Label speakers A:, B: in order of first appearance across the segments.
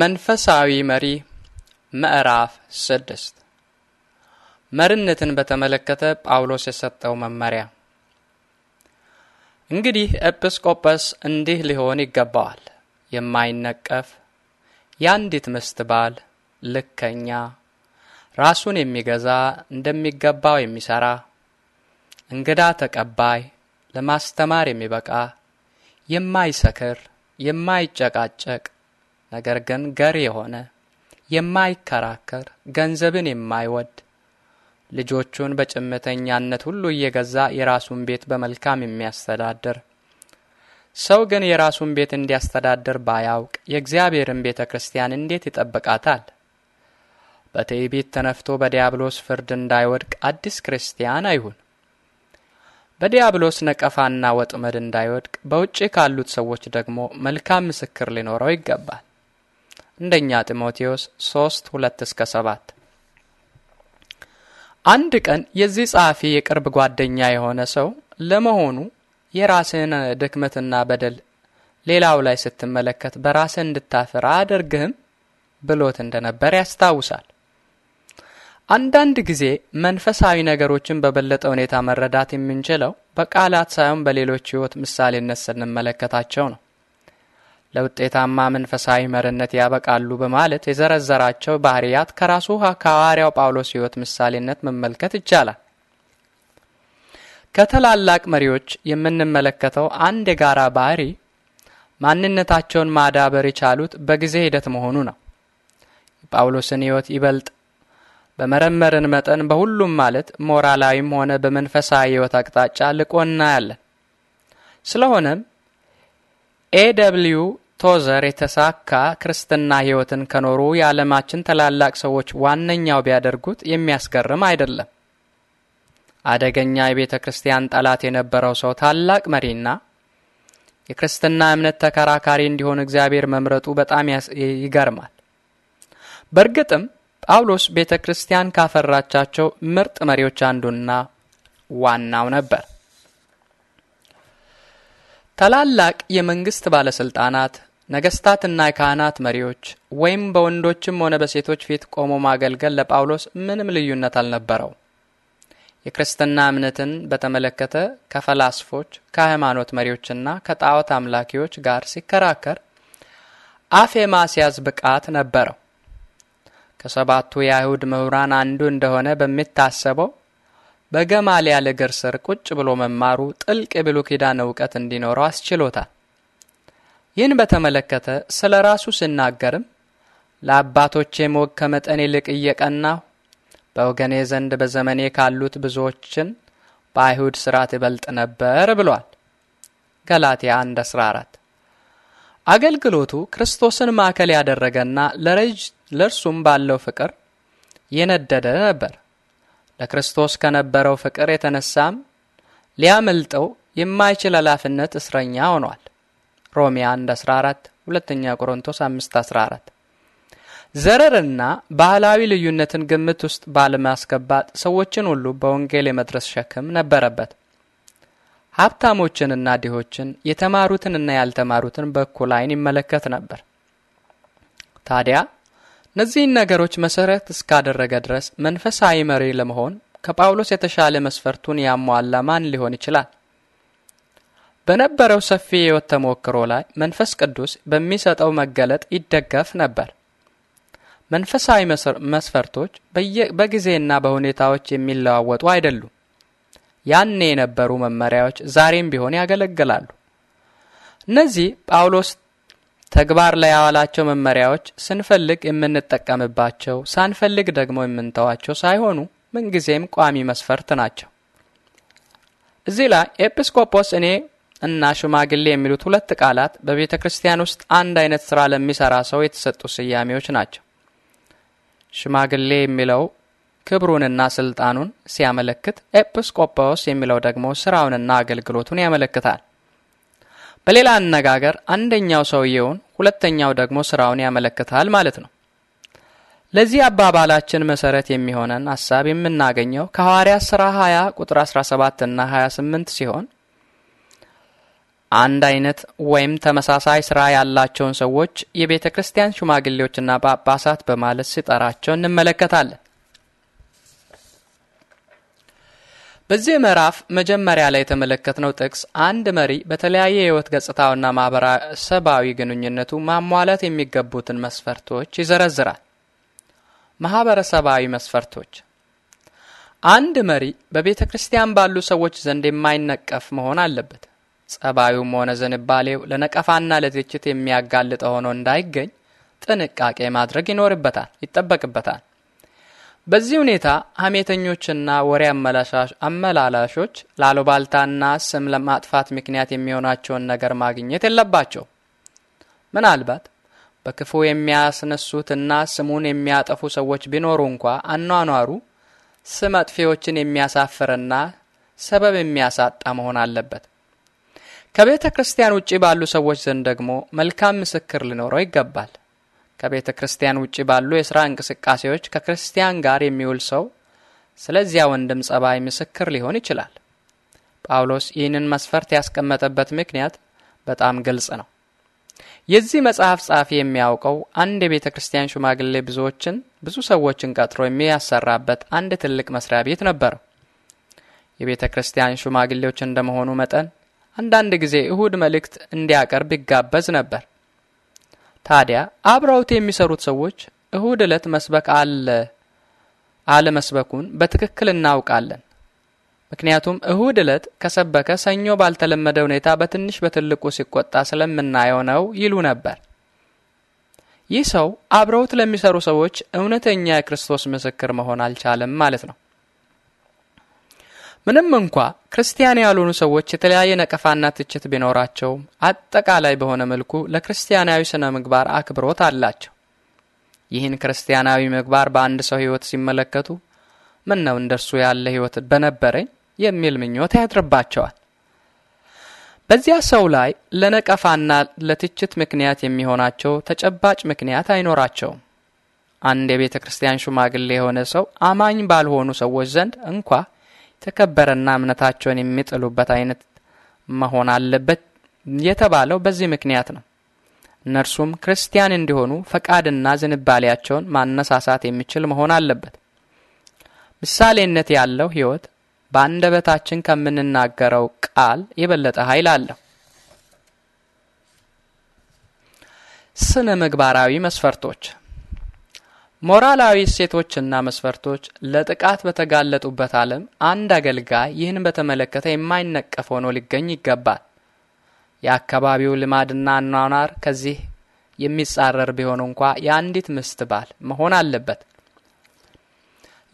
A: መንፈሳዊ መሪ ምዕራፍ ስድስት መሪነትን በተመለከተ ጳውሎስ የሰጠው መመሪያ። እንግዲህ ኤጲስቆጶስ እንዲህ ሊሆን ይገባዋል፣ የማይነቀፍ የአንዲት ምስት ባል፣ ልከኛ፣ ራሱን የሚገዛ እንደሚገባው የሚሰራ፣ እንግዳ ተቀባይ፣ ለማስተማር የሚበቃ፣ የማይሰክር፣ የማይጨቃጨቅ ነገር ግን ገር የሆነ የማይከራከር ገንዘብን የማይወድ ልጆቹን በጭምተኛነት ሁሉ እየገዛ የራሱን ቤት በመልካም የሚያስተዳድር ሰው ግን የራሱን ቤት እንዲያስተዳድር ባያውቅ የእግዚአብሔርን ቤተ ክርስቲያን እንዴት ይጠብቃታል? በትዕቢት ተነፍቶ በዲያብሎስ ፍርድ እንዳይወድቅ አዲስ ክርስቲያን አይሁን። በዲያብሎስ ነቀፋና ወጥመድ እንዳይወድቅ በውጭ ካሉት ሰዎች ደግሞ መልካም ምስክር ሊኖረው ይገባል። አንደኛ ጢሞቴዎስ 3 2 እስከ 7። አንድ ቀን የዚህ ጸሐፊ የቅርብ ጓደኛ የሆነ ሰው ለመሆኑ የራስህን ድክመትና በደል ሌላው ላይ ስትመለከት በራስህ እንድታፍር አያደርግህም ብሎት እንደነበር ያስታውሳል። አንዳንድ ጊዜ መንፈሳዊ ነገሮችን በበለጠ ሁኔታ መረዳት የምንችለው በቃላት ሳይሆን በሌሎች ሕይወት ምሳሌነት ስንመለከታቸው ነው። ለውጤታማ መንፈሳዊ መርነት ያበቃሉ በማለት የዘረዘራቸው ባህርያት ከራሱ ከሐዋርያው ጳውሎስ ሕይወት ምሳሌነት መመልከት ይቻላል። ከታላላቅ መሪዎች የምንመለከተው አንድ የጋራ ባህሪ ማንነታቸውን ማዳበር የቻሉት በጊዜ ሂደት መሆኑ ነው። የጳውሎስን ሕይወት ይበልጥ በመረመርን መጠን በሁሉም ማለት ሞራላዊም ሆነ በመንፈሳዊ ሕይወት አቅጣጫ ልቆና ያለን ስለሆነም ኤ ደብልዩ ቶዘር የተሳካ ክርስትና ሕይወትን ከኖሩ የዓለማችን ታላላቅ ሰዎች ዋነኛው ቢያደርጉት የሚያስገርም አይደለም። አደገኛ የቤተ ክርስቲያን ጠላት የነበረው ሰው ታላቅ መሪና የክርስትና እምነት ተከራካሪ እንዲሆን እግዚአብሔር መምረጡ በጣም ይገርማል። በእርግጥም ጳውሎስ ቤተ ክርስቲያን ካፈራቻቸው ምርጥ መሪዎች አንዱና ዋናው ነበር። ታላላቅ የመንግስት ባለስልጣናት፣ ነገስታትና የካህናት መሪዎች ወይም በወንዶችም ሆነ በሴቶች ፊት ቆሞ ማገልገል ለጳውሎስ ምንም ልዩነት አልነበረው። የክርስትና እምነትን በተመለከተ ከፈላስፎች፣ ከሃይማኖት መሪዎችና ከጣዖት አምላኪዎች ጋር ሲከራከር አፍ የማስያዝ ብቃት ነበረው። ከሰባቱ የአይሁድ ምሁራን አንዱ እንደሆነ በሚታሰበው በገማልያል እግር ስር ቁጭ ብሎ መማሩ ጥልቅ የብሉይ ኪዳን እውቀት እንዲኖረው አስችሎታል። ይህን በተመለከተ ስለ ራሱ ስናገርም ለአባቶቼ ወግ ከመጠን ይልቅ እየቀናሁ በወገኔ ዘንድ በዘመኔ ካሉት ብዙዎችን በአይሁድ ስርዓት ይበልጥ ነበር ብሏል። ገላትያ 1 14 አገልግሎቱ ክርስቶስን ማዕከል ያደረገና ለእርሱም ባለው ፍቅር የነደደ ነበር። ለክርስቶስ ከነበረው ፍቅር የተነሳም ሊያመልጠው የማይችል ኃላፊነት እስረኛ ሆኗል። ሮሜ 1 14 ሁለተኛ ቆሮንቶስ 5 14 ዘረርና ባህላዊ ልዩነትን ግምት ውስጥ ባለማስገባት ሰዎችን ሁሉ በወንጌል የመድረስ ሸክም ነበረበት። ሀብታሞችንና ድሆችን፣ የተማሩትንና ያልተማሩትን በእኩል ዓይን ይመለከት ነበር። ታዲያ እነዚህን ነገሮች መሰረት እስካደረገ ድረስ መንፈሳዊ መሪ ለመሆን ከጳውሎስ የተሻለ መስፈርቱን ያሟላ ማን ሊሆን ይችላል? በነበረው ሰፊ የሕይወት ተሞክሮ ላይ መንፈስ ቅዱስ በሚሰጠው መገለጥ ይደገፍ ነበር። መንፈሳዊ መስፈርቶች በጊዜና በሁኔታዎች የሚለዋወጡ አይደሉም። ያኔ የነበሩ መመሪያዎች ዛሬም ቢሆን ያገለግላሉ። እነዚህ ጳውሎስ ተግባር ላይ ያዋላቸው መመሪያዎች ስንፈልግ የምንጠቀምባቸው፣ ሳንፈልግ ደግሞ የምንተዋቸው ሳይሆኑ ምንጊዜም ቋሚ መስፈርት ናቸው። እዚህ ላይ ኤጲስቆጶስ እኔ እና ሽማግሌ የሚሉት ሁለት ቃላት በቤተ ክርስቲያን ውስጥ አንድ አይነት ስራ ለሚሰራ ሰው የተሰጡ ስያሜዎች ናቸው። ሽማግሌ የሚለው ክብሩንና ስልጣኑን ሲያመለክት፣ ኤጲስቆጶስ የሚለው ደግሞ ስራውንና አገልግሎቱን ያመለክታል። በሌላ አነጋገር አንደኛው ሰውየውን፣ ሁለተኛው ደግሞ ስራውን ያመለክታል ማለት ነው። ለዚህ አባባላችን መሰረት የሚሆነን ሐሳብ የምናገኘው ከሐዋርያት ሥራ 20 ቁጥር 17 እና 28 ሲሆን አንድ አይነት ወይም ተመሳሳይ ስራ ያላቸውን ሰዎች የቤተ ክርስቲያን ሽማግሌዎችና ጳጳሳት በማለት ሲጠራቸው እንመለከታለን። በዚህ ምዕራፍ መጀመሪያ ላይ የተመለከትነው ጥቅስ አንድ መሪ በተለያየ የህይወት ገጽታውና ማህበረሰባዊ ግንኙነቱ ማሟላት የሚገቡትን መስፈርቶች ይዘረዝራል። ማህበረሰባዊ መስፈርቶች አንድ መሪ በቤተ ክርስቲያን ባሉ ሰዎች ዘንድ የማይነቀፍ መሆን አለበት። ጸባዩም ሆነ ዝንባሌው ለነቀፋና ለትችት የሚያጋልጠ ሆኖ እንዳይገኝ ጥንቃቄ ማድረግ ይኖርበታል ይጠበቅበታል። በዚህ ሁኔታ ሐሜተኞችና ወሬ አመላላሾች ላሉባልታና ስም ለማጥፋት ምክንያት የሚሆናቸውን ነገር ማግኘት የለባቸው። ምናልባት በክፉ የሚያስነሱትና ስሙን የሚያጠፉ ሰዎች ቢኖሩ እንኳ አኗኗሩ ስም አጥፊዎችን የሚያሳፍርና ሰበብ የሚያሳጣ መሆን አለበት። ከቤተ ክርስቲያን ውጭ ባሉ ሰዎች ዘንድ ደግሞ መልካም ምስክር ሊኖረው ይገባል። ከቤተ ክርስቲያን ውጭ ባሉ የሥራ እንቅስቃሴዎች ከክርስቲያን ጋር የሚውል ሰው ስለዚያ ወንድም ጸባይ ምስክር ሊሆን ይችላል። ጳውሎስ ይህንን መስፈርት ያስቀመጠበት ምክንያት በጣም ግልጽ ነው። የዚህ መጽሐፍ ጸሐፊ የሚያውቀው አንድ የቤተ ክርስቲያን ሽማግሌ ብዙዎችን ብዙ ሰዎችን ቀጥሮ የሚያሰራበት አንድ ትልቅ መስሪያ ቤት ነበረው። የቤተ ክርስቲያን ሽማግሌዎች እንደመሆኑ መጠን አንዳንድ ጊዜ እሁድ መልእክት እንዲያቀርብ ይጋበዝ ነበር። ታዲያ አብረውት የሚሰሩት ሰዎች እሁድ ዕለት መስበክ አለ አለመስበኩን በትክክል እናውቃለን። ምክንያቱም እሁድ ዕለት ከሰበከ ሰኞ ባልተለመደ ሁኔታ በትንሽ በትልቁ ሲቆጣ ስለምናየው ነው ይሉ ነበር። ይህ ሰው አብረውት ለሚሰሩ ሰዎች እውነተኛ የክርስቶስ ምስክር መሆን አልቻለም ማለት ነው። ምንም እንኳ ክርስቲያን ያልሆኑ ሰዎች የተለያየ ነቀፋና ትችት ቢኖራቸውም አጠቃላይ በሆነ መልኩ ለክርስቲያናዊ ስነ ምግባር አክብሮት አላቸው። ይህን ክርስቲያናዊ ምግባር በአንድ ሰው ሕይወት ሲመለከቱ ምን ነው እንደርሱ ያለ ሕይወት በነበረኝ የሚል ምኞት ያድርባቸዋል። በዚያ ሰው ላይ ለነቀፋና ለትችት ምክንያት የሚሆናቸው ተጨባጭ ምክንያት አይኖራቸውም። አንድ የቤተ ክርስቲያን ሽማግሌ የሆነ ሰው አማኝ ባልሆኑ ሰዎች ዘንድ እንኳ ተከበረና እምነታቸውን የሚጥሉበት አይነት መሆን አለበት የተባለው በዚህ ምክንያት ነው። እነርሱም ክርስቲያን እንዲሆኑ ፈቃድና ዝንባሌያቸውን ማነሳሳት የሚችል መሆን አለበት። ምሳሌነት ያለው ሕይወት በአንደበታችን ከምንናገረው ቃል የበለጠ ኃይል አለው። ስነ ምግባራዊ መስፈርቶች ሞራላዊ እሴቶችና መስፈርቶች ለጥቃት በተጋለጡበት ዓለም አንድ አገልጋይ ይህን በተመለከተ የማይነቀፍ ሆኖ ሊገኝ ይገባል። የአካባቢው ልማድና አኗኗር ከዚህ የሚጻረር ቢሆን እንኳ የአንዲት ምስት ባል መሆን አለበት።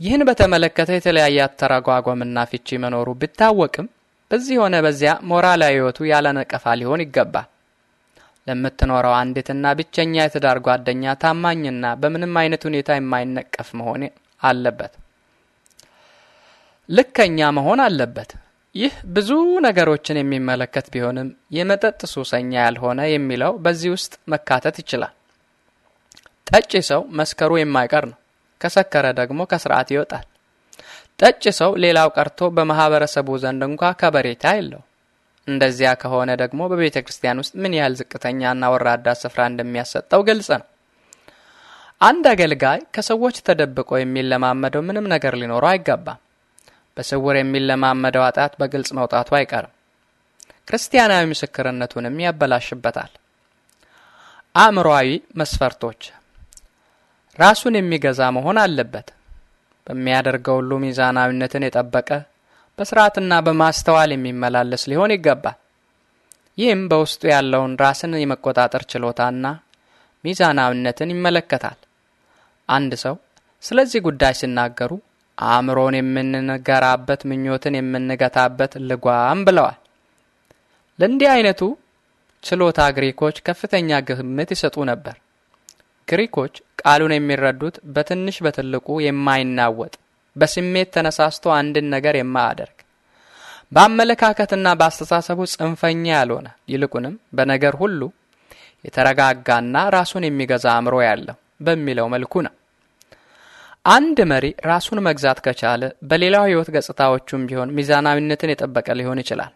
A: ይህን በተመለከተ የተለያየ አተረጓጎምና ፍቺ መኖሩ ቢታወቅም በዚህ ሆነ በዚያ ሞራላዊ ሕይወቱ ያለነቀፋ ሊሆን ይገባል። ለምትኖረው አንዲትና ብቸኛ የትዳር ጓደኛ ታማኝና በምንም አይነት ሁኔታ የማይነቀፍ መሆን አለበት። ልከኛ መሆን አለበት። ይህ ብዙ ነገሮችን የሚመለከት ቢሆንም የመጠጥ ሱሰኛ ያልሆነ የሚለው በዚህ ውስጥ መካተት ይችላል። ጠጪ ሰው መስከሩ የማይቀር ነው። ከሰከረ ደግሞ ከስርዓት ይወጣል። ጠጪ ሰው ሌላው ቀርቶ በማህበረሰቡ ዘንድ እንኳ ከበሬታ የለው። እንደዚያ ከሆነ ደግሞ በቤተ ክርስቲያን ውስጥ ምን ያህል ዝቅተኛና ወራዳ ስፍራ እንደሚያሰጠው ግልጽ ነው። አንድ አገልጋይ ከሰዎች ተደብቆ የሚለማመደው ምንም ነገር ሊኖረው አይገባም። በስውር የሚለማመደው አጣት በግልጽ መውጣቱ አይቀርም፣ ክርስቲያናዊ ምስክርነቱንም ያበላሽበታል። አእምሯዊ መስፈርቶች ራሱን የሚገዛ መሆን አለበት። በሚያደርገው ሁሉ ሚዛናዊነትን የጠበቀ በስርዓትና በማስተዋል የሚመላለስ ሊሆን ይገባል። ይህም በውስጡ ያለውን ራስን የመቆጣጠር ችሎታና ሚዛናዊነትን ይመለከታል። አንድ ሰው ስለዚህ ጉዳይ ሲናገሩ አእምሮን የምንገራበት፣ ምኞትን የምንገታበት ልጓም ብለዋል። ለእንዲህ አይነቱ ችሎታ ግሪኮች ከፍተኛ ግምት ይሰጡ ነበር። ግሪኮች ቃሉን የሚረዱት በትንሽ በትልቁ የማይናወጥ በስሜት ተነሳስቶ አንድን ነገር የማያደርግ በአመለካከትና በአስተሳሰቡ ጽንፈኛ ያልሆነ ይልቁንም በነገር ሁሉ የተረጋጋና ራሱን የሚገዛ አእምሮ ያለው በሚለው መልኩ ነው። አንድ መሪ ራሱን መግዛት ከቻለ በሌላው ሕይወት ገጽታዎቹም ቢሆን ሚዛናዊነትን የጠበቀ ሊሆን ይችላል።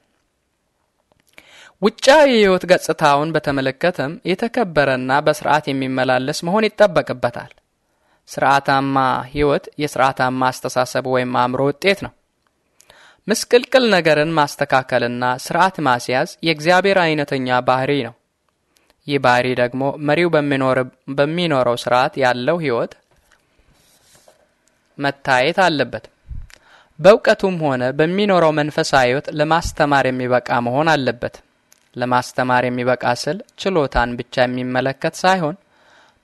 A: ውጫዊ የሕይወት ገጽታውን በተመለከተም የተከበረና በስርዓት የሚመላለስ መሆን ይጠበቅበታል። ስርዓታማ ህይወት የስርዓታማ አስተሳሰብ ወይም አእምሮ ውጤት ነው። ምስቅልቅል ነገርን ማስተካከልና ስርዓት ማስያዝ የእግዚአብሔር አይነተኛ ባህሪ ነው። ይህ ባህሪ ደግሞ መሪው በሚኖረው ስርዓት ያለው ህይወት መታየት አለበት። በእውቀቱም ሆነ በሚኖረው መንፈሳዊ ህይወት ለማስተማር የሚበቃ መሆን አለበት። ለማስተማር የሚበቃ ስል ችሎታን ብቻ የሚመለከት ሳይሆን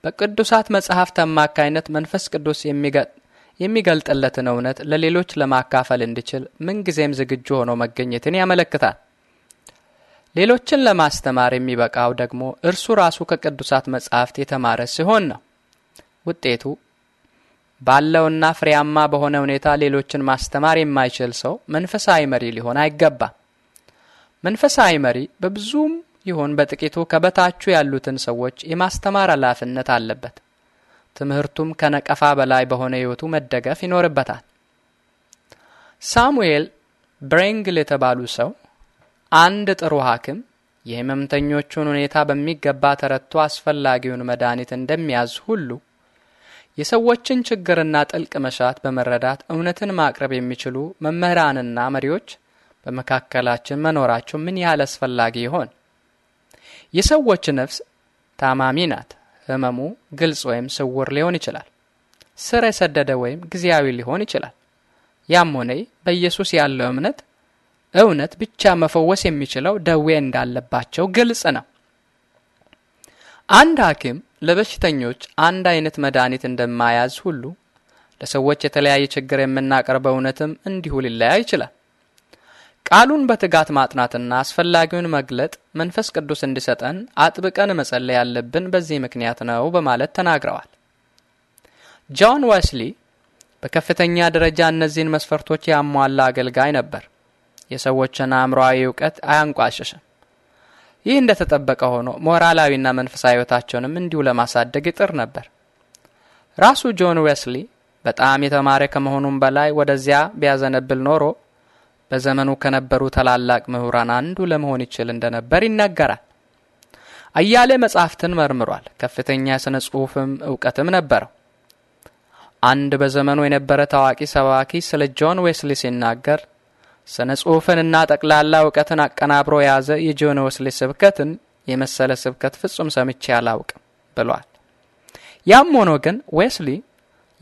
A: በቅዱሳት መጽሐፍት አማካይነት መንፈስ ቅዱስ የሚገልጥለትን እውነት ለሌሎች ለማካፈል እንዲችል ምንጊዜም ዝግጁ ሆኖ መገኘትን ያመለክታል። ሌሎችን ለማስተማር የሚበቃው ደግሞ እርሱ ራሱ ከቅዱሳት መጽሐፍት የተማረ ሲሆን ነው። ውጤቱ ባለውና ፍሬያማ በሆነ ሁኔታ ሌሎችን ማስተማር የማይችል ሰው መንፈሳዊ መሪ ሊሆን አይገባም። መንፈሳዊ መሪ በብዙም ይሁን በጥቂቱ ከበታቹ ያሉትን ሰዎች የማስተማር ኃላፊነት አለበት። ትምህርቱም ከነቀፋ በላይ በሆነ ሕይወቱ መደገፍ ይኖርበታል። ሳሙኤል ብሬንግል የተባሉ ሰው አንድ ጥሩ ሐኪም የህመምተኞቹን ሁኔታ በሚገባ ተረድቶ አስፈላጊውን መድኃኒት እንደሚያዝ ሁሉ የሰዎችን ችግርና ጥልቅ መሻት በመረዳት እውነትን ማቅረብ የሚችሉ መምህራንና መሪዎች በመካከላችን መኖራቸው ምን ያህል አስፈላጊ ይሆን? የሰዎች ነፍስ ታማሚ ናት። ህመሙ ግልጽ ወይም ስውር ሊሆን ይችላል። ስር የሰደደ ወይም ጊዜያዊ ሊሆን ይችላል። ያም ሆነ በኢየሱስ ያለው እምነት እውነት ብቻ መፈወስ የሚችለው ደዌ እንዳለባቸው ግልጽ ነው። አንድ ሐኪም ለበሽተኞች አንድ አይነት መድኃኒት እንደማያዝ ሁሉ ለሰዎች የተለያየ ችግር የምናቀርበው እውነትም እንዲሁ ሊለያይ ይችላል። ቃሉን በትጋት ማጥናትና አስፈላጊውን መግለጥ መንፈስ ቅዱስ እንዲሰጠን አጥብቀን መጸለይ ያለብን በዚህ ምክንያት ነው በማለት ተናግረዋል። ጆን ዌስሊ በከፍተኛ ደረጃ እነዚህን መስፈርቶች ያሟላ አገልጋይ ነበር። የሰዎችን አእምሮዊ እውቀት አያንቋሽሽም። ይህ እንደተጠበቀ ሆኖ ሞራላዊና መንፈሳዊ ሕይወታቸውንም እንዲሁ ለማሳደግ ይጥር ነበር። ራሱ ጆን ዌስሊ በጣም የተማረ ከመሆኑም በላይ ወደዚያ ቢያዘነብል ኖሮ በዘመኑ ከነበሩ ታላላቅ ምሁራን አንዱ ለመሆን ይችል እንደነበር ይነገራል። አያሌ መጻሕፍትን መርምሯል። ከፍተኛ የሥነ ጽሑፍም እውቀትም ነበረው። አንድ በዘመኑ የነበረ ታዋቂ ሰባኪ ስለ ጆን ዌስሊ ሲናገር ስነ ጽሑፍንና ጠቅላላ እውቀትን አቀናብሮ የያዘ የጆን ዌስሊ ስብከትን የመሰለ ስብከት ፍጹም ሰምቼ አላውቅም ብሏል። ያም ሆኖ ግን ዌስሊ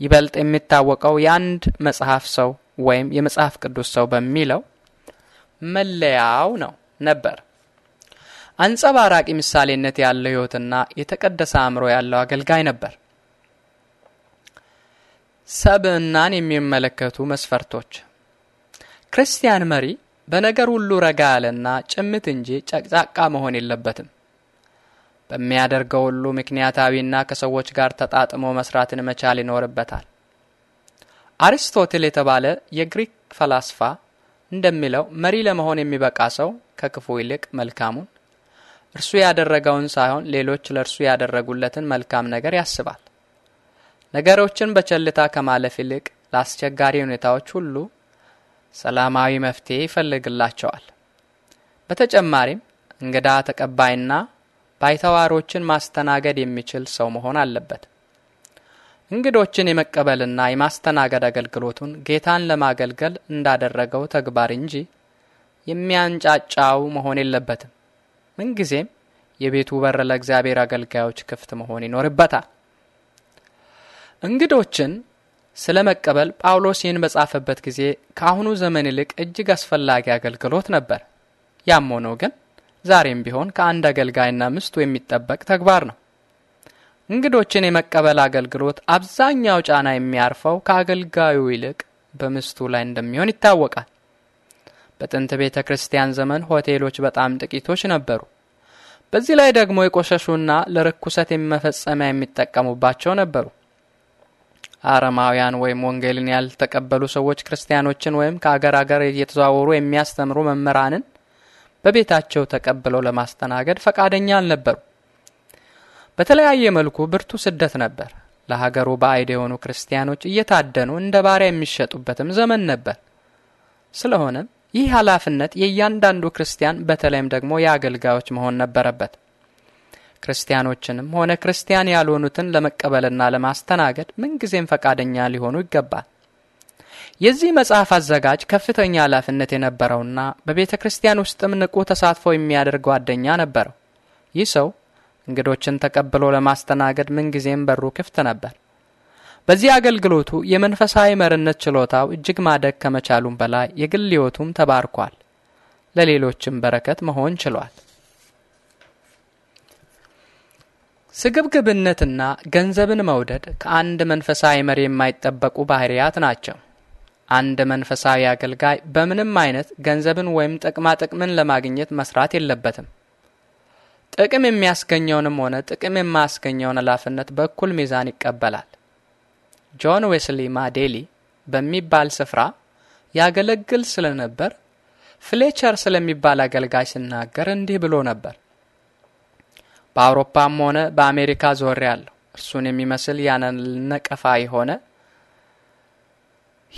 A: ይበልጥ የሚታወቀው የአንድ መጽሐፍ ሰው ወይም የመጽሐፍ ቅዱስ ሰው በሚለው መለያው ነው ነበር። አንጸባራቂ ምሳሌነት ያለው ሕይወትና የተቀደሰ አእምሮ ያለው አገልጋይ ነበር። ሰብእናን የሚመለከቱ መስፈርቶች ክርስቲያን መሪ በነገር ሁሉ ረጋ ያለና ጭምት እንጂ ጨቅጫቃ መሆን የለበትም። በሚያደርገው ሁሉ ምክንያታዊና ከሰዎች ጋር ተጣጥሞ መስራትን መቻል ይኖርበታል። አሪስቶቴል የተባለ የግሪክ ፈላስፋ እንደሚለው መሪ ለመሆን የሚበቃ ሰው ከክፉ ይልቅ መልካሙን እርሱ ያደረገውን ሳይሆን ሌሎች ለእርሱ ያደረጉለትን መልካም ነገር ያስባል። ነገሮችን በቸልታ ከማለፍ ይልቅ ለአስቸጋሪ ሁኔታዎች ሁሉ ሰላማዊ መፍትሄ ይፈልግላቸዋል። በተጨማሪም እንግዳ ተቀባይና ባይተዋሮችን ማስተናገድ የሚችል ሰው መሆን አለበት። እንግዶችን የመቀበልና የማስተናገድ አገልግሎቱን ጌታን ለማገልገል እንዳደረገው ተግባር እንጂ የሚያንጫጫው መሆን የለበትም። ምንጊዜም የቤቱ በር ለእግዚአብሔር አገልጋዮች ክፍት መሆን ይኖርበታል። እንግዶችን ስለ መቀበል ጳውሎስ ይህን በጻፈበት ጊዜ ከአሁኑ ዘመን ይልቅ እጅግ አስፈላጊ አገልግሎት ነበር። ያም ሆኖ ግን ዛሬም ቢሆን ከአንድ አገልጋይና ምስቱ የሚጠበቅ ተግባር ነው። እንግዶችን የመቀበል አገልግሎት አብዛኛው ጫና የሚያርፈው ከአገልጋዩ ይልቅ በምስቱ ላይ እንደሚሆን ይታወቃል። በጥንት ቤተ ክርስቲያን ዘመን ሆቴሎች በጣም ጥቂቶች ነበሩ። በዚህ ላይ ደግሞ የቆሸሹና ለርኩሰት የመፈጸሚያ የሚጠቀሙባቸው ነበሩ። አረማውያን ወይም ወንጌልን ያልተቀበሉ ሰዎች ክርስቲያኖችን ወይም ከአገር አገር እየተዘዋወሩ የሚያስተምሩ መምህራንን በቤታቸው ተቀብለው ለማስተናገድ ፈቃደኛ አልነበሩ። በተለያየ መልኩ ብርቱ ስደት ነበር። ለሀገሩ ባዕድ የሆኑ ክርስቲያኖች እየታደኑ እንደ ባሪያ የሚሸጡበትም ዘመን ነበር። ስለሆነም ይህ ኃላፊነት የእያንዳንዱ ክርስቲያን በተለይም ደግሞ የአገልጋዮች መሆን ነበረበት። ክርስቲያኖችንም ሆነ ክርስቲያን ያልሆኑትን ለመቀበልና ለማስተናገድ ምንጊዜም ፈቃደኛ ሊሆኑ ይገባል። የዚህ መጽሐፍ አዘጋጅ ከፍተኛ ኃላፊነት የነበረውና በቤተ ክርስቲያን ውስጥም ንቁ ተሳትፎ የሚያደርግ ጓደኛ ነበረው። ይህ ሰው እንግዶችን ተቀብሎ ለማስተናገድ ምንጊዜም በሩ ክፍት ነበር። በዚህ አገልግሎቱ የመንፈሳዊ መርነት ችሎታው እጅግ ማደግ ከመቻሉም በላይ የግል ሕይወቱም ተባርኳል፣ ለሌሎችም በረከት መሆን ችሏል። ስግብግብነትና ገንዘብን መውደድ ከአንድ መንፈሳዊ መሪ የማይጠበቁ ባህሪያት ናቸው። አንድ መንፈሳዊ አገልጋይ በምንም አይነት ገንዘብን ወይም ጥቅማ ጥቅምን ለማግኘት መስራት የለበትም። ጥቅም የሚያስገኘውንም ሆነ ጥቅም የማያስገኘውን ኃላፊነት በኩል ሚዛን ይቀበላል። ጆን ዌስሊ ማዴሊ በሚባል ስፍራ ያገለግል ስለነበር ፍሌቸር ስለሚባል አገልጋይ ሲናገር እንዲህ ብሎ ነበር። በአውሮፓም ሆነ በአሜሪካ ዞሬ ያለሁ እርሱን የሚመስል ያለነቀፋ የሆነ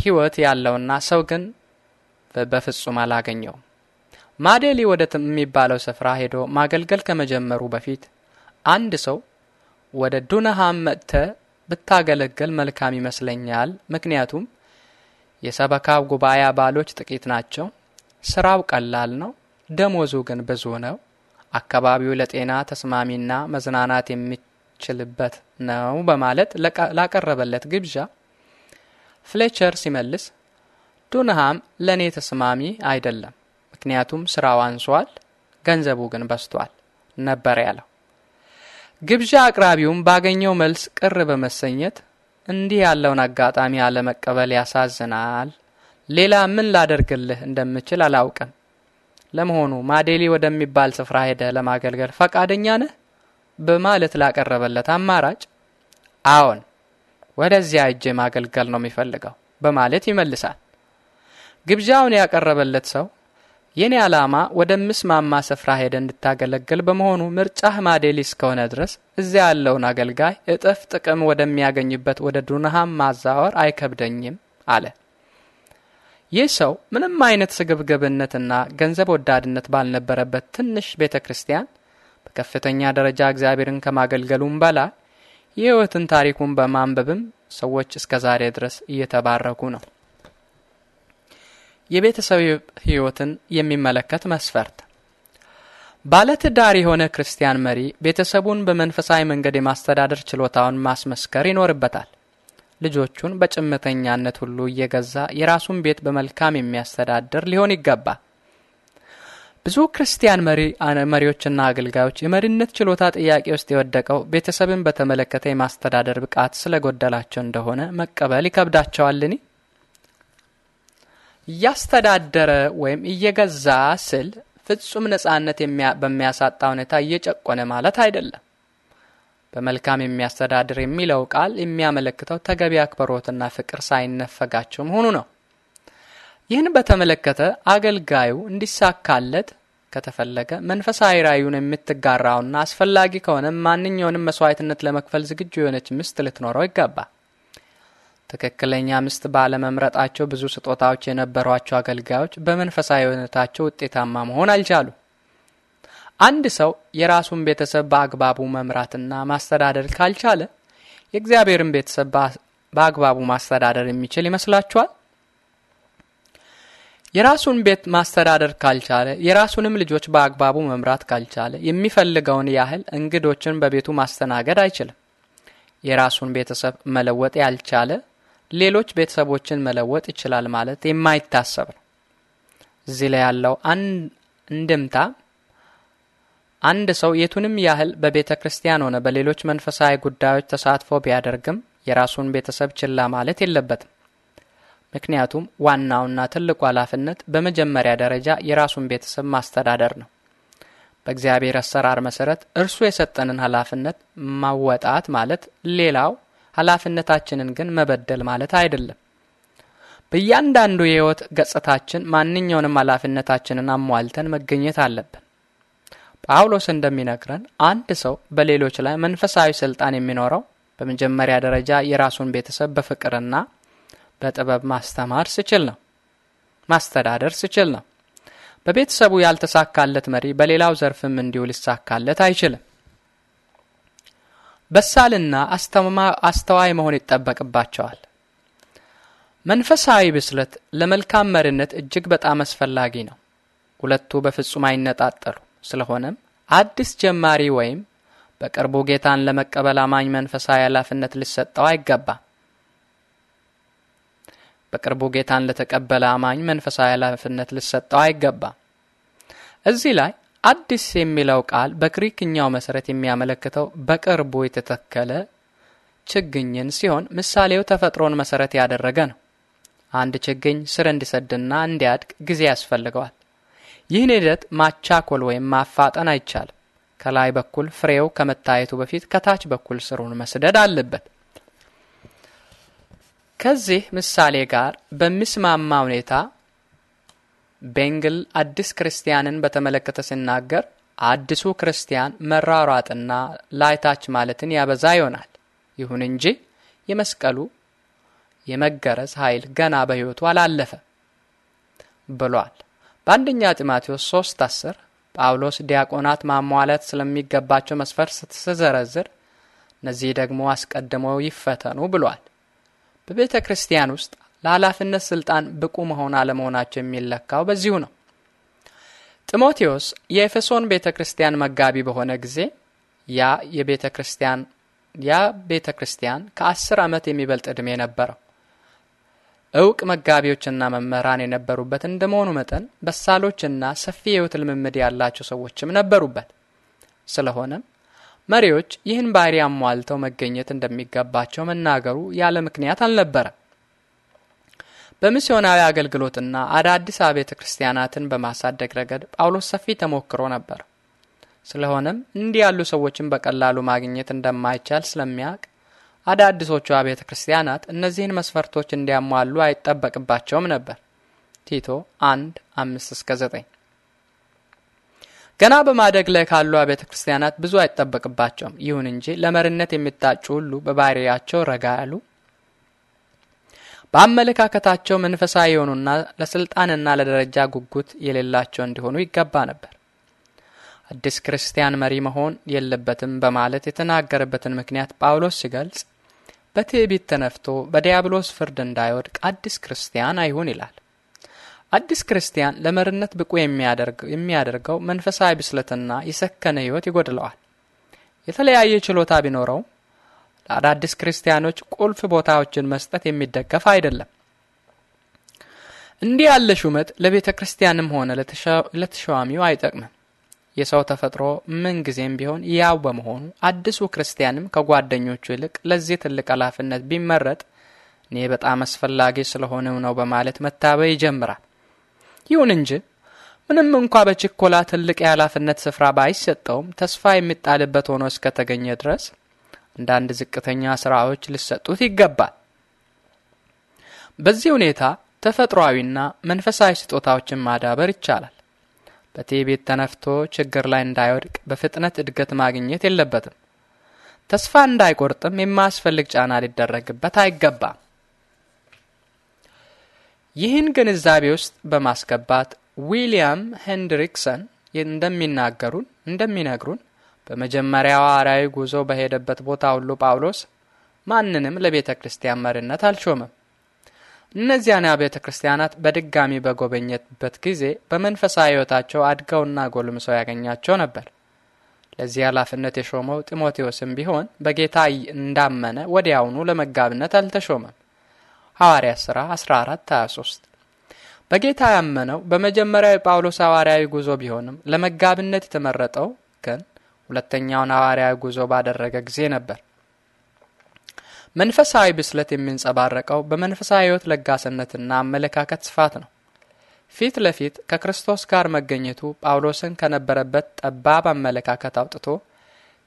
A: ህይወት ያለውና ሰው ግን በፍጹም አላገኘውም። ማዴሊ ወደ የሚባለው ስፍራ ሄዶ ማገልገል ከመጀመሩ በፊት አንድ ሰው ወደ ዱነሃም መጥተ ብታገለግል መልካም ይመስለኛል። ምክንያቱም የሰበካ ጉባኤ አባሎች ጥቂት ናቸው። ስራው ቀላል ነው፣ ደሞዙ ግን ብዙ ነው። አካባቢው ለጤና ተስማሚና መዝናናት የሚችልበት ነው በማለት ላቀረበለት ግብዣ ፍሌቸር ሲመልስ ዱንሃም ለእኔ ተስማሚ አይደለም ምክንያቱም ስራው አንሷል፣ ገንዘቡ ግን በስቷል ነበር ያለው። ግብዣ አቅራቢውም ባገኘው መልስ ቅር በመሰኘት እንዲህ ያለውን አጋጣሚ አለመቀበል ያሳዝናል፣ ሌላ ምን ላደርግልህ እንደምችል አላውቅም። ለመሆኑ ማዴሊ ወደሚባል ስፍራ ሄደ ለማገልገል ፈቃደኛ ነህ? በማለት ላቀረበለት አማራጭ አዎን፣ ወደዚያ እጄ ማገልገል ነው የሚፈልገው በማለት ይመልሳል። ግብዣውን ያቀረበለት ሰው የኔ ዓላማ ወደምስማማ ስፍራ ሄደ እንድታገለግል በመሆኑ ምርጫህ ማዴሊ እስከሆነ ድረስ እዚያ ያለውን አገልጋይ እጥፍ ጥቅም ወደሚያገኝበት ወደ ዱንሃም ማዛወር አይከብደኝም አለ። ይህ ሰው ምንም አይነት ስግብግብነትና ገንዘብ ወዳድነት ባልነበረበት ትንሽ ቤተ ክርስቲያን በከፍተኛ ደረጃ እግዚአብሔርን ከማገልገሉም በላ የሕይወትን ታሪኩን በማንበብም ሰዎች እስከ ዛሬ ድረስ እየተባረኩ ነው። የቤተሰብ ህይወትን የሚመለከት መስፈርት ባለትዳር የሆነ ክርስቲያን መሪ ቤተሰቡን በመንፈሳዊ መንገድ የማስተዳደር ችሎታውን ማስመስከር ይኖርበታል። ልጆቹን በጭምተኛነት ሁሉ እየገዛ የራሱን ቤት በመልካም የሚያስተዳድር ሊሆን ይገባል። ብዙ ክርስቲያን መሪ መሪዎችና አገልጋዮች የመሪነት ችሎታ ጥያቄ ውስጥ የወደቀው ቤተሰብን በተመለከተ የማስተዳደር ብቃት ስለጎደላቸው እንደሆነ መቀበል ይከብዳቸዋልን? እያስተዳደረ ወይም እየገዛ ስል ፍጹም ነጻነት በሚያሳጣ ሁኔታ እየጨቆነ ማለት አይደለም። በመልካም የሚያስተዳድር የሚለው ቃል የሚያመለክተው ተገቢ አክብሮትና ፍቅር ሳይነፈጋቸው መሆኑ ነው። ይህን በተመለከተ አገልጋዩ እንዲሳካለት ከተፈለገ መንፈሳዊ ራዩን የምትጋራውና አስፈላጊ ከሆነ ማንኛውንም መስዋዕትነት ለመክፈል ዝግጁ የሆነች ሚስት ልትኖረው ይገባል። ትክክለኛ ምስት ባለመምረጣቸው ብዙ ስጦታዎች የነበሯቸው አገልጋዮች በመንፈሳዊ ውጤታማ መሆን አልቻሉ። አንድ ሰው የራሱን ቤተሰብ በአግባቡ መምራትና ማስተዳደር ካልቻለ የእግዚአብሔርን ቤተሰብ በአግባቡ ማስተዳደር የሚችል ይመስላችኋል? የራሱን ቤት ማስተዳደር ካልቻለ የራሱንም ልጆች በአግባቡ መምራት ካልቻለ የሚፈልገውን ያህል እንግዶችን በቤቱ ማስተናገድ አይችልም። የራሱን ቤተሰብ መለወጥ ያልቻለ ሌሎች ቤተሰቦችን መለወጥ ይችላል ማለት የማይታሰብ ነው። እዚህ ላይ ያለው እንድምታ አንድ ሰው የቱንም ያህል በቤተ ክርስቲያን ሆነ በሌሎች መንፈሳዊ ጉዳዮች ተሳትፎ ቢያደርግም የራሱን ቤተሰብ ችላ ማለት የለበትም። ምክንያቱም ዋናውና ትልቁ ኃላፊነት በመጀመሪያ ደረጃ የራሱን ቤተሰብ ማስተዳደር ነው። በእግዚአብሔር አሰራር መሰረት እርሱ የሰጠንን ኃላፊነት ማወጣት ማለት ሌላው ኃላፊነታችንን ግን መበደል ማለት አይደለም። በእያንዳንዱ የሕይወት ገጽታችን ማንኛውንም ኃላፊነታችንን አሟልተን መገኘት አለብን። ጳውሎስ እንደሚነግረን አንድ ሰው በሌሎች ላይ መንፈሳዊ ስልጣን የሚኖረው በመጀመሪያ ደረጃ የራሱን ቤተሰብ በፍቅርና በጥበብ ማስተማር ስችል ነው ማስተዳደር ስችል ነው። በቤተሰቡ ያልተሳካለት መሪ በሌላው ዘርፍም እንዲሁ ሊሳካለት አይችልም። በሳልና አስተዋይ መሆን ይጠበቅባቸዋል። መንፈሳዊ ብስለት ለመልካም መሪነት እጅግ በጣም አስፈላጊ ነው። ሁለቱ በፍጹም አይነጣጠሉ። ስለሆነም አዲስ ጀማሪ ወይም በቅርቡ ጌታን ለመቀበል አማኝ መንፈሳዊ ኃላፊነት ሊሰጠው አይገባም። በቅርቡ ጌታን ለተቀበለ አማኝ መንፈሳዊ ኃላፊነት ሊሰጠው አይገባም። እዚህ ላይ አዲስ የሚለው ቃል በግሪክኛው መሰረት የሚያመለክተው በቅርቡ የተተከለ ችግኝን ሲሆን ምሳሌው ተፈጥሮን መሰረት ያደረገ ነው። አንድ ችግኝ ስር እንዲሰድና እንዲያድግ ጊዜ ያስፈልገዋል። ይህን ሂደት ማቻኮል ወይም ማፋጠን አይቻልም። ከላይ በኩል ፍሬው ከመታየቱ በፊት ከታች በኩል ስሩን መስደድ አለበት። ከዚህ ምሳሌ ጋር በሚስማማ ሁኔታ ቤንግል አዲስ ክርስቲያንን በተመለከተ ሲናገር አዲሱ ክርስቲያን መራራጥና ላይታች ማለትን ያበዛ ይሆናል። ይሁን እንጂ የመስቀሉ የመገረዝ ኃይል ገና በሕይወቱ አላለፈ ብሏል። በአንደኛ ጢሞቴዎስ 3 10 ጳውሎስ ዲያቆናት ማሟላት ስለሚገባቸው መስፈር ስትዘረዝር እነዚህ ደግሞ አስቀድመው ይፈተኑ ብሏል። በቤተ ክርስቲያን ውስጥ ለኃላፊነት ስልጣን ብቁ መሆን አለመሆናቸው የሚለካው በዚሁ ነው። ጢሞቴዎስ የኤፌሶን ቤተ ክርስቲያን መጋቢ በሆነ ጊዜ ያ የቤተ ክርስቲያን ያ ቤተ ክርስቲያን ከአስር ዓመት የሚበልጥ ዕድሜ ነበረው። እውቅ መጋቢዎችና መምህራን የነበሩበት እንደመሆኑ መጠን በሳሎችና ሰፊ የሕይወት ልምምድ ያላቸው ሰዎችም ነበሩበት። ስለሆነም መሪዎች ይህን ባህሪ አሟልተው መገኘት እንደሚገባቸው መናገሩ ያለ ምክንያት አልነበረም። በሚስዮናዊ አገልግሎትና አዳዲስ አብያተ ክርስቲያናትን በማሳደግ ረገድ ጳውሎስ ሰፊ ተሞክሮ ነበር። ስለሆነም እንዲህ ያሉ ሰዎችን በቀላሉ ማግኘት እንደማይቻል ስለሚያውቅ አዳዲሶቹ አብያተ ክርስቲያናት እነዚህን መስፈርቶች እንዲያሟሉ አይጠበቅባቸውም ነበር። ቲቶ 1 አምስት እስከ ገና በማደግ ላይ ካሉ አብያተ ክርስቲያናት ብዙ አይጠበቅባቸውም። ይሁን እንጂ ለመሪነት የሚታጩ ሁሉ በባህሪያቸው ረጋ ያሉ በአመለካከታቸው መንፈሳዊ የሆኑና ለስልጣንና ለደረጃ ጉጉት የሌላቸው እንዲሆኑ ይገባ ነበር። አዲስ ክርስቲያን መሪ መሆን የለበትም በማለት የተናገረበትን ምክንያት ጳውሎስ ሲገልጽ በትዕቢት ተነፍቶ በዲያብሎስ ፍርድ እንዳይወድቅ አዲስ ክርስቲያን አይሁን ይላል። አዲስ ክርስቲያን ለመሪነት ብቁ የሚያደርገው መንፈሳዊ ብስለትና የሰከነ ሕይወት ይጎድለዋል። የተለያየ ችሎታ ቢኖረው ለአዳዲስ ክርስቲያኖች ቁልፍ ቦታዎችን መስጠት የሚደገፍ አይደለም። እንዲህ ያለ ሹመት ለቤተ ክርስቲያንም ሆነ ለተሸዋሚው አይጠቅምም። የሰው ተፈጥሮ ምን ጊዜም ቢሆን ያው በመሆኑ አዲሱ ክርስቲያንም ከጓደኞቹ ይልቅ ለዚህ ትልቅ ኃላፊነት ቢመረጥ እኔ በጣም አስፈላጊ ስለሆነው ነው በማለት መታበይ ይጀምራል። ይሁን እንጂ ምንም እንኳ በችኮላ ትልቅ የኃላፊነት ስፍራ ባይሰጠውም ተስፋ የሚጣልበት ሆኖ እስከተገኘ ድረስ አንዳንድ ዝቅተኛ ስራዎች ሊሰጡት ይገባል። በዚህ ሁኔታ ተፈጥሯዊና መንፈሳዊ ስጦታዎችን ማዳበር ይቻላል። በትዕቢት ተነፍቶ ችግር ላይ እንዳይወድቅ በፍጥነት እድገት ማግኘት የለበትም። ተስፋ እንዳይቆርጥም የማያስፈልግ ጫና ሊደረግበት አይገባም። ይህን ግንዛቤ ውስጥ በማስገባት ዊሊያም ሄንድሪክሰን እንደሚናገሩን እንደሚነግሩን በመጀመሪያው አራዊ ጉዞ በሄደበት ቦታ ሁሉ ጳውሎስ ማንንም ለቤተ ክርስቲያን መሪነት አልሾመም። እነዚያን ቤተ ክርስቲያናት በድጋሚ በጎበኘበት ጊዜ በመንፈሳዊ ሕይወታቸው አድገውና ጎልምሰው ያገኛቸው ነበር። ለዚህ ኃላፊነት የሾመው ጢሞቴዎስም ቢሆን በጌታ እንዳመነ ወዲያውኑ ለመጋብነት አልተሾመም። ሐዋርያ ሥራ 23 በጌታ ያመነው በመጀመሪያው የጳውሎስ ሐዋርያዊ ጉዞ ቢሆንም ለመጋብነት የተመረጠው ግን ሁለተኛውን ሐዋርያዊ ጉዞ ባደረገ ጊዜ ነበር። መንፈሳዊ ብስለት የሚንጸባረቀው በመንፈሳዊ ሕይወት ለጋስነትና አመለካከት ስፋት ነው። ፊት ለፊት ከክርስቶስ ጋር መገኘቱ ጳውሎስን ከነበረበት ጠባብ አመለካከት አውጥቶ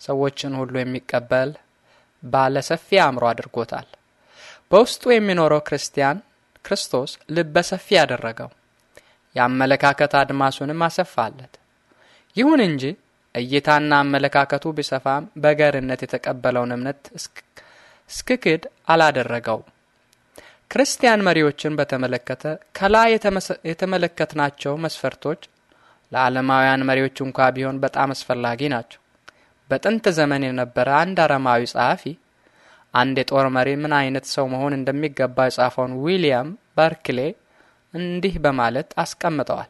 A: ሰዎችን ሁሉ የሚቀበል ባለ ሰፊ አእምሮ አድርጎታል። በውስጡ የሚኖረው ክርስቲያን ክርስቶስ ልበ ሰፊ ያደረገው የአመለካከት አድማሱንም አሰፋለት። ይሁን እንጂ እይታና አመለካከቱ ቢሰፋም በገርነት የተቀበለውን እምነት እስክክድ አላደረገው። ክርስቲያን መሪዎችን በተመለከተ ከላይ የተመለከትናቸው መስፈርቶች ለዓለማውያን መሪዎች እንኳ ቢሆን በጣም አስፈላጊ ናቸው። በጥንት ዘመን የነበረ አንድ አረማዊ ጸሐፊ አንድ የጦር መሪ ምን አይነት ሰው መሆን እንደሚገባ የጻፈውን ዊሊያም በርክሌ እንዲህ በማለት አስቀምጠዋል።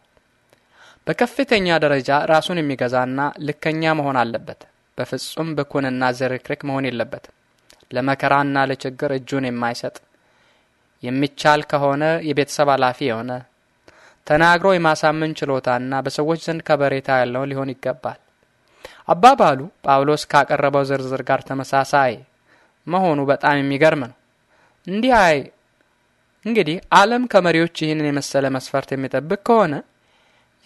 A: በከፍተኛ ደረጃ ራሱን የሚገዛና ልከኛ መሆን አለበት። በፍጹም ብኩንና ዝርክርክ መሆን የለበትም። ለመከራና ለችግር እጁን የማይሰጥ የሚቻል ከሆነ የቤተሰብ ኃላፊ የሆነ ተናግሮ የማሳመን ችሎታና በሰዎች ዘንድ ከበሬታ ያለው ሊሆን ይገባል። አባባሉ ጳውሎስ ካቀረበው ዝርዝር ጋር ተመሳሳይ መሆኑ በጣም የሚገርም ነው። እንዲህ አይ እንግዲህ ዓለም ከመሪዎች ይህንን የመሰለ መስፈርት የሚጠብቅ ከሆነ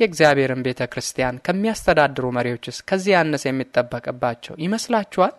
A: የእግዚአብሔርን ቤተ ክርስቲያን ከሚያስተዳድሩ መሪዎችስ ከዚህ ያነሰ የሚጠበቅባቸው ይመስላችኋል?